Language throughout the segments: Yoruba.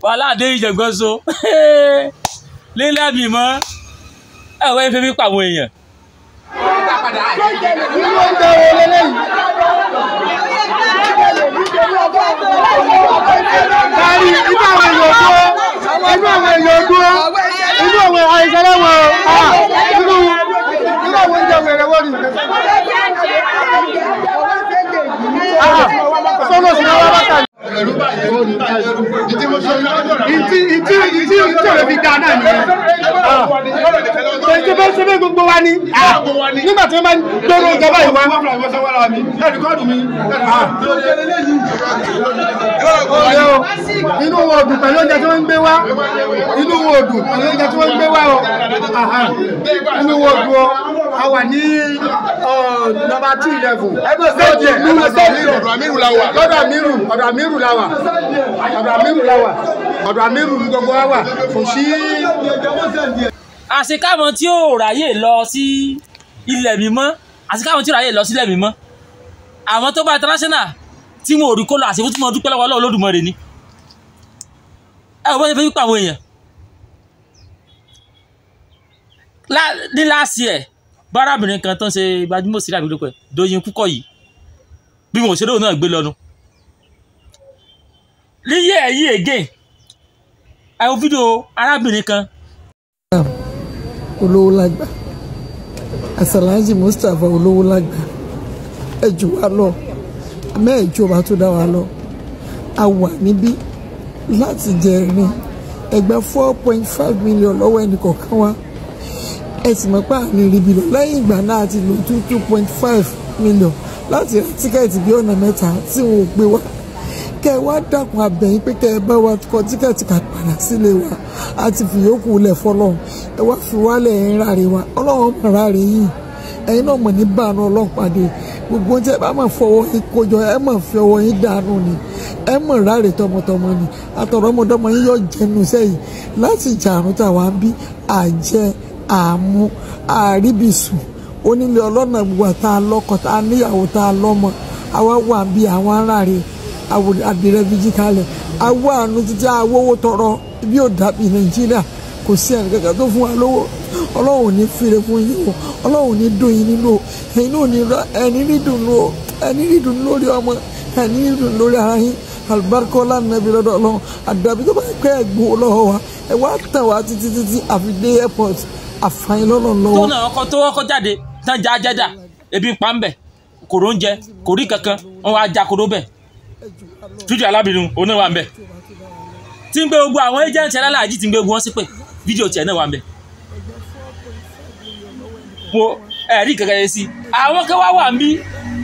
fọláàdé ìjọ̀gbọ́n so lílẹ́bì mọ́ ẹ̀wọ́ ife mi pàwọn èèyàn. Bari, ibi àwọn èèyàn dúró, ibi àwọn èèyàn dúró. sọ̀rọ̀ fi dáa náà nìyẹn. ṣe bẹ́ẹ̀ ṣe bẹ́ẹ̀ gbogbo wa ni. nígbà tí wọ́n bá gbọ́dọ̀ ìjọba ìwà. Ah. inú wọn òdùn pẹ̀lú oúnjẹ tí wọ́n ń gbé wá. inú wọn òdùn pẹ̀lú oúnjẹ tí wọ́n ń gbé wá inú wọn òdùn o. a wà ní nọ́mbà two eleven. ẹgbẹ́ sẹ́ẹ̀dì ẹ̀ ọ̀dọ̀ àmírù la wà. ọ̀dọ̀ àmírù la wà. ọ̀dọ̀ àmírù la wà ọ̀dọ̀ amẹ́rù ní gbogbo wa wà kò sí. àṣekáwọn tí ó ráyè lọ sí ilẹ̀ mímọ́ àṣekáwọn tí ó ráyè lọ sí ilẹ̀ mímọ́ àwọn tó bá international tí mo rí kó lọ àṣẹ fún tí mo dúpẹ́ lọ́wọ́ Ọlọ́run Olódùmarè ni ẹ ò bá ṣe fẹ́ pípa àwọn èèyàn ní láàsì ẹ̀ bárábìnrin kan tó ń ṣe gbajúmọ̀ sí ìdàbí lópẹ́ Doyin Kukoyi bí mo ṣe lóun náà gbé lọ́nu níyẹ̀ yìí again ẹ wo fídíò arábìnrin kan. olówó lágbà asalaji mustapha olówó lágbà ẹ jù wá lọ àmọ́ ẹ tó dá wa lọ a wà níbí láti jẹ ẹ̀rín ẹgbẹ́ four point five million lọ́wọ́ ẹnìkọ̀ọ̀kan wa ẹ sì mọ̀ pé àmì ìrìbì lọ lẹ́yìn ìgbà náà ti lò two two point five million láti ra tíkẹ́ẹ̀tì bí ọ̀nà mẹ́ta tí wọn ò gbé wá. kẹ́ ẹ wá wa àbẹ̀yìn pé kẹ́ ẹ bá wa kọ tíkẹ́ẹ̀tì padà sílé wa a ti fi yòókù lẹ̀ fọlọ́run ẹ wá fi wálẹ̀ ẹ̀ ń ráre wa ọlọ́run mọ̀ ráre yìí ẹ̀yin náà mọ̀ ní báànú ọlọ́run gbogbo oúnjẹ bá máa fọwọ́ yín kójọ ẹ máa fi ọwọ́ yín dànù ni ẹ mọ̀ tọmọtọmọ ni yín jẹnu sẹ́yìn láti ń bí àjẹ àmú onílé ọlọ́nà gbogbo àbẹ̀rẹ̀ bíjí kalẹ̀ awọ àánú títí awọ́wọ́ tọrọ bí ó dàbí nàìjíríà kò sí ẹnì kankan tó fún wa lówó ọlọ́run ní fèrè fún yín o ọlọ́run ní dùn yín nínú o ẹ̀yin náà ní ẹni rídùn nù o ẹni rídùn lórí ọmọ ẹni rídùn lórí ara yín alibarika ọlá nàbí lọ́dọ̀ ọlọ́run àdàbí tó bá pẹ́ ẹ̀gbọ́n lọ́wọ́ wa ẹ wá tàn wá títí títí àfi dé airport àfààyàn lọ́nà lọ́wọ́. tó náà ọkọ tó ọkọ jáde tán já jẹ́dà ebi pa ń bẹ̀ kòró ń jẹ kòrí kankan wọn wá já kòró bẹ́ẹ̀ tújú alábìnú òun náà wà ń bẹ tí ń gbé gbogbo àwọn ẹjẹǹtì alálàájì tí ń gbé gbogbo wọn sí pé fídíò tiẹ̀ náà wà ń bẹ wo ẹ̀rí kankan sí àwọn kan wá wà ń bí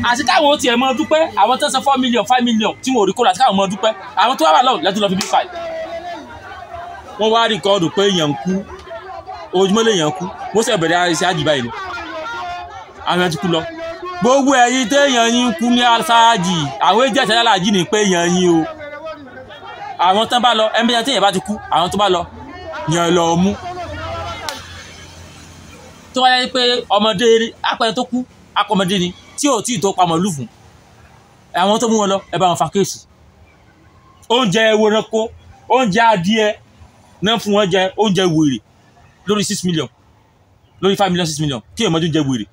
àti káwọn tiẹ̀ mọ dúpẹ́ àwọn tó ń san four million five million tí wọn ò rí kó lọ àti káwọn mọ dúpẹ́ àwọn tó wà wà lọ́wọ́ lẹ́tọ́ lọ fi bí five wọ́n wá rìkọ́ọ̀dù pé èèyàn ń kú ojúmọ́ lè èèyàn kú mo sì bẹ̀rẹ̀ àìsí àjì báyìí ni àwọn ẹ̀jú kú lọ gbogbo ẹ̀yin téèyàn yín kú ní aṣáájì àwọn èjì àti aláàjì ní pé èèyàn yín o àwọn tán bá lọ ẹnbí yẹn téèyàn bá ti kú àwọn tó bá lọ yẹn lọ mú tó wáyé pé ọmọdé apẹni tó kú akọmọdé ni tí ò tí ì tó pamọ́ lù fún àwọn tó mú wọn lọ ẹ bá wọn fa kéèsì oúnjẹ ewéranko oúnjẹ adìẹ náà fún wọn jẹ oúnjẹ wèrè lórí six million lórí five million six million kí èèyàn mọ́jú wèrè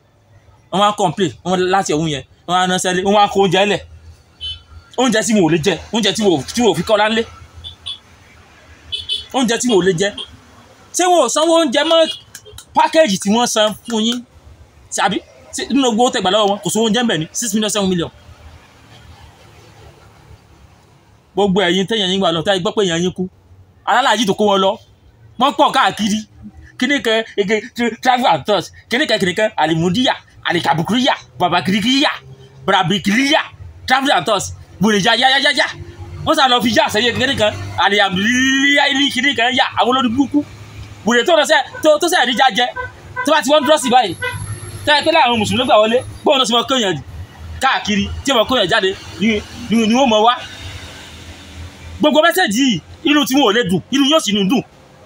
wọ́n wá complain wọ́n láti ọ̀hún yẹn wọ́n wá ránṣẹ́ lé wọ́n wá kó oúnjẹ lẹ̀ oúnjẹ tí mo ò lè jẹ oúnjẹ tí mo ò fi kọ́lá ńlé oúnjẹ tí mo ò lè jẹ ṣé wọn ò sanwó oúnjẹ mọ́ pákéjì tí wọ́n san fún yín tàbí nínú gbogbo tẹ̀gbà lọ́wọ́ wọn kò sówó oúnjẹ ń bẹ̀ ní six million seven million gbogbo ẹ̀yin tẹ̀yàn yín gbà lọ táyì gbọ́ pé èèyàn yín kú alálàájì tó kó wọn lọ wọ́n pọ̀ káàkiri kíníkẹ́ ege travel and trust kíníkẹ́ kíníkẹ́ alimudiya alikabukuru yà baba kirikiri yà barabikiri yà travel and tours gbòdèjà yáyáyáyá wọ́n sàn lọ fi yá àṣẹyẹ kékeré kan àlìyàmìlíyàìlì kiri kan yà àwọn olórí burúkú gbòdè tó lọ́sẹ̀ tó sẹ̀ níjà jẹ tó bá ti wọ́n dúrọ́sì báyìí tó yẹ pé láàrin mùsùlùmí gbà wọlé bóun ló sì mọ kéèyàn káàkiri tí mo kéèyàn jáde ni wọ́n mọ wá gbogbo mẹ́sẹ̀jì yìí inú tí wọn ò lè dùn inú yóò sì ní dùn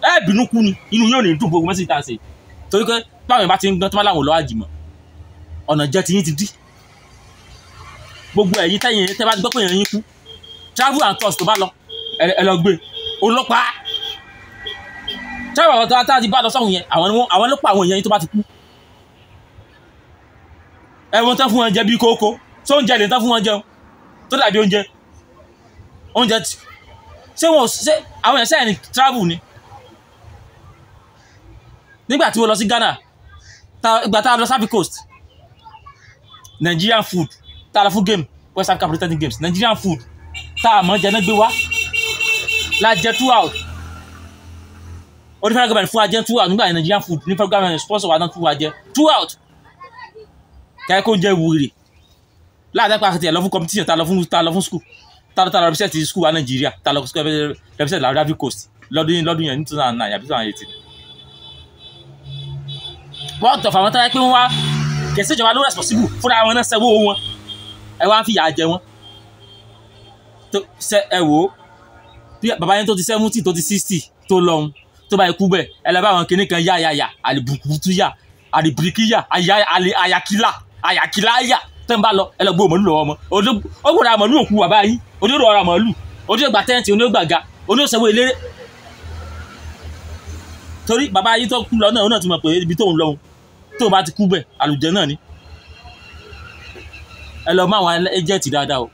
ẹ bínú kú ni inú yóò ní dùn gbogbo mẹ́sẹ̀jì tá a ṣe torí pé báwọn yẹn bá ti ń gan tó má láwọn lọ́wọ́ àjùmọ̀ ọ̀nà jẹ́ tiyín ti dí gbogbo ẹ̀yin tẹ́yìn tẹ́ bá gbọ́ pé èèyàn yín kú travel and tours tó bá lọ ẹ lọ gbé ọlọ́pàá travel and tours tá a ti bá lọ sọ́hun yẹn àwọn ló pa àwọn èèyàn yín tó bá ti kú ẹ̀wọ̀n tán fún wọn jẹ bí kókó tó oúnjẹ lè tán fún wọn jẹun tó dàbí oúnjẹ oúnjẹ tí ṣé wọn ṣe àwọn èèyàn sẹ́yìn travel ni nígbà tí wọ́n lọ sí Ghana ìgbà tá a lọ sábì coast Nigerian food tá a lọ fún game West Africa protesting games Nigerian food tá a mọ̀ jẹ́ náà gbé wá la jẹ two out ó ní federal government fún wa jẹ two out nígbà yẹn Nigerian food ní federal government sponsor wa náà fún wa jẹ two out kẹ́kẹ́ kó jẹ́ wúre láàdá pa àkàtì ẹ̀ lọ fún competition tá a lọ fún tá a lọ fún school tá a lọ tá a lọ represent school wa Nàìjíríà tá a lọ represent la Ivory Coast lọ́dún lọ́dún yẹn ní two thousand nine àbí two thousand eighteen. wọ́n tọ̀ fún àwọn táyà pé wọ́n wá kẹsí ìjọba ló responsible fúnra wọn náà sẹ́wọ́ wọn ẹ wá ń fìyà jẹ wọn ẹ wò ó bí bàbá yẹn tó ti seventy tó ti sixty tó lọ́hùn tó bá ikú bẹ́ẹ̀ ẹ lọ bá àwọn kìnnìkan yá yá yá àlìbùkútú yá àlìbìrìkì yá àyàkílà àyàkílà yá tẹ́ ń bá lọ ẹ lọ gbé òmòlú lọ́wọ́ mọ́ ó gbọ́dọ̀ àmọ̀lú òkú bàbá yìí onídòó ọ̀rọ̀ àmọ̀lú onídòó gba tẹ́ǹtì onídòó gbàga onídòó sẹ́wọ́ eléré torí bàbá yìí tó kú lọ náà ó náà ti mọ̀ pé ibi tóun lọ́hùn tó bá ti kú bẹ̀ àlùjẹ náà ni ẹ lọ mọ àwọn agent dáadáa o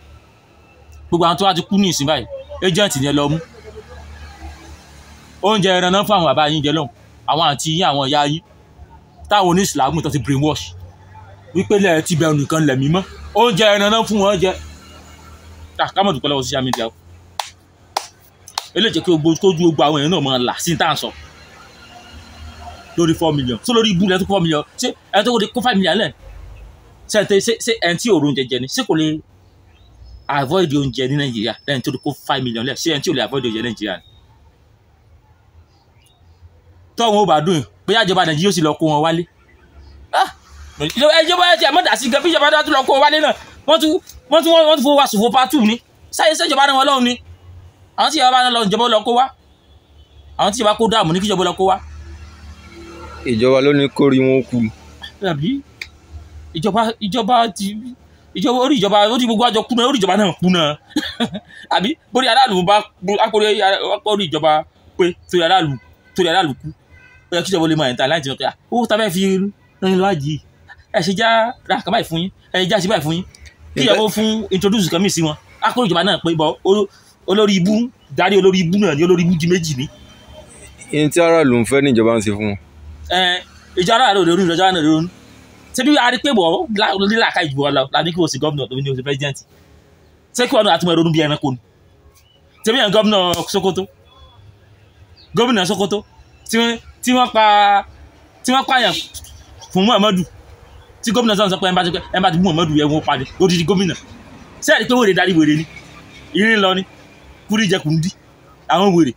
gbogbo àwọn tó bá ti kú ní ìsìn báyìí agent ni ẹ lọ mú oúnjẹ ẹran náà fún àwọn bàbá yín jẹ lọ́hùn àwọn àǹtí yín àwọn ìyá yín táwọn oníṣìláàmù tó ti brainwash wípé lẹ́ẹ̀ ti bẹ̀rù nìkan lẹ̀mí mọ́ oúnjẹ ẹran náà fún wọn jẹ kámọ̀ dúpẹ́ lọ́wọ́ social media o eléyìí jẹ́ kí ojú gbogbo àwọn èèyàn náà máa là sí ní tá à lórí four million tó lórí ibú lẹ́tọ́ four million ṣé ẹni tó kó five million lẹ̀ ṣe ṣe ẹni tí òòrùn jẹjẹ ni ṣé kò lè avoid oúnjẹ ní nàìjíríà lẹ́yìn tó kó five million lẹ̀ ṣé ẹni tí ò lè avoid oúnjẹ nàìjíríà ni. tọ́wọ́n ó bá dùn bóyá ìjọba nàìjíríà ó sì lọ kó wọn wálé ah! ìjọba ẹ ti ẹ̀ mọ́dà sí gan bí ìjọba tó lọ kó wọn wálé náà wọ́n tún wọ́n tún wọ́n tún fowó wa sòfò pátú ni sáyé sẹ́jọba náà wọ́n lọ́run ni àwọn tí ìjọba náà lọ ìjọba lọ kó wá àwọn tí ìjọba kó dáàmú ní kíjọba lọ kó wá ìjọba ló ní kó rí wọn kú. àbí ìjọba ìjọba ti ìjọba orí ìjọba ó ti gbogbo àjọ kú náà orí ìjọba náà kú náà àbí bórí aráàlú bá akórí akórí ìjọba pé torí aráàlú torí aráàlú kú ó yẹ kí ìjọba lè máa ẹ̀ńtà láì jẹun pé owó tá a fẹ́ fi rìn lọ́wọ́ àjì ẹ̀ ṣe já ra kàn báyìí yín ẹ̀ já ṣe báyìí fún yín kí ìjọba ó fún introduce kan mí sí wọn akórí ìjọba náà pé bọ olórí ibú darí olórí ibú náà ni olórí ibú di méjì ni. ìyẹn tí aráàlú ń fẹ́ ní ìjọba ń ṣe fún wọn Eh, ìjọ aráàlú òde ronú ìjọ aráàlú òde ronú ṣé bí arí pé wọ́n lílàkà ìjùbọ̀ ọ̀la làbí kí wọ́n sì gómìnà tó ní oṣù pẹ́sidẹ́ǹtì ṣé kí wọ́n náà àtúmọ̀ ronú bí ẹranko ni ṣé bí yẹn gómìnà Sokoto gómìnà Sokoto tí wọ́n pa tí wọ́n pààyàn fún Muhammadu tí gómìnà sọ̀rọ̀ sọ pé ẹ bá ti Muhammadu yẹ wọ́n padì odidi gómìnà ṣé àrí pé wèrè darí wèrè ni irin lọ ni kúrìjẹkùn dí àwọn wèrè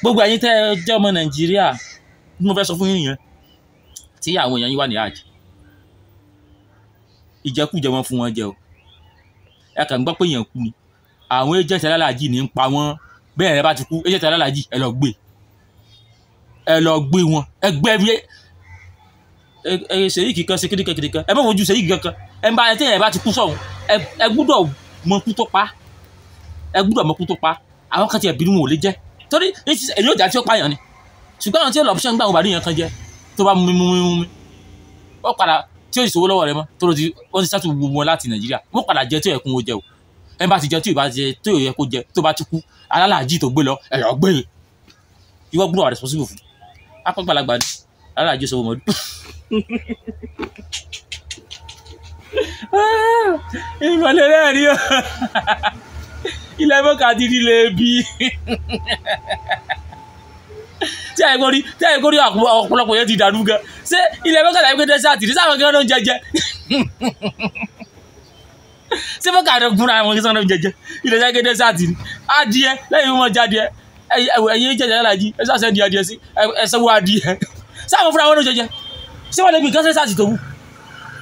gbogbo àyíntẹ́ ọjọ́ ọmọ Nàìjíríà tí mo fẹ́ sọ fún yín nìyẹn tí àwọn èèyàn yín wà ní hajj ìjẹkújẹ wọn fún wọn jẹ o ẹ kàn gbọ́ pé èèyàn kú ni àwọn agent alálàájì ní ń pa wọ́n bẹ́ẹ̀ rẹ bá ti kú agent alálàájì ẹ lọ gbé ẹ lọ gbé wọn ẹ gbẹ́ bí ẹ ṣèyí kíkan ṣe kíríkan kíríkan ẹ bá wọn ju ṣèyí kankan ẹ bá ẹ tẹ́yìn ẹ bá ti kú sọ̀hún ẹ gbúdọ̀ mọ kú tó pa ẹ gbúdọ̀ mọ kú tó pa àwọn kan ti ẹ̀ bínú wọn ò lè jẹ́ torí èyí ò jà tí ó pààyàn ni ṣùgbọ́n àwọn tí yóò lọ ṣẹ́ ń gbà wọn bàrí yẹn kan jẹ́ tó bá mumi mumi mumi wọ́n padà tí yóò ṣòwò lọ́wọ́ rẹ mọ́ tó ti wọ́n ti sátú gbogbo wọn láti nàìjíríà wọ́n padà jẹ tó yẹ kún ó jẹ o ẹ bá ti jẹ tó yẹ bá jẹ tó yẹ kó jẹ tó bá ti kú alálàájì tó gbé lọ ẹ̀yọ́ gbé e ìwọ gbúdọ̀ wà responsible fún apágbàlagbà ni alálàájì sọ wọ́n ìmọ̀lẹ́ rẹ̀ rí o ilẹ̀ mọ́kàdínlẹ́bí. tí àyè kórí tí àyè kórí ọ̀pọ̀lọpọ̀ yẹn ti dàrú gan ṣé ilẹ̀ mẹ́kàtà yẹn pé dẹ́sẹ̀tì ní sáwọn gan náà ń jẹjẹ ṣé mẹ́kàtà gúnra àwọn kan náà ń jẹjẹ ilẹ̀ yẹn pé dẹ́sẹ̀tì ní adìẹ lẹ́yìn wọn jẹ adìẹ ẹ̀yin jẹjẹ yàrá yìí ẹ sáṣẹ di adìẹ sí ẹsẹ wo adìẹ sáwọn fúnra wọn náà jẹjẹ ṣé wọn lè gbìn kánṣẹ́ sáàtì tó wù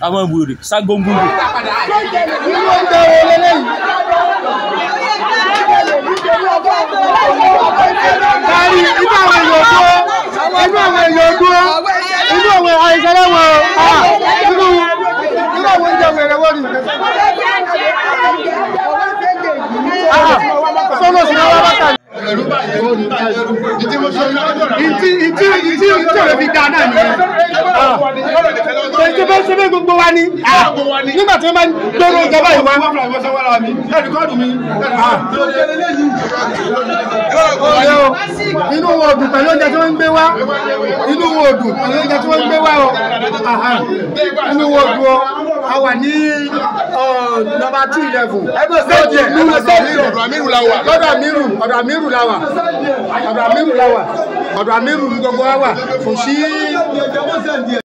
àwọn ìwúrò ságbóngbòngbò. Dari inú àwọn èèyàn dúró, inú àwọn èèyàn dúró, inú àwọn àìsàn lẹ́wọ̀n, ah, inú àwọn oúnjẹ wẹ̀rẹ̀ ìtí ìtí ìtí ìtọ̀rọ̀ fi da náà nìyẹn. ṣèṣe ṣe inú wọn òdùn pẹ̀lú oúnjẹ tí wọ́n ń gbé wá inú wọn òdùn pẹ̀lú oúnjẹ tí wọ́n ń gbé wá o inú wọn òdùn o a wà number nọ́mbà two eleven. ẹgbẹ́ sẹ́ẹ̀dì ẹ̀ ẹgbẹ́ sẹ́ẹ̀dì ẹ̀ ọ̀dọ̀ àmírù la wà. ọ̀dọ̀ àmírù ọ̀dọ̀ àmírù la wà ọ̀dọ̀ àmírù la wà ọ̀dọ̀ àmírù gbogbo wa wà kò sí.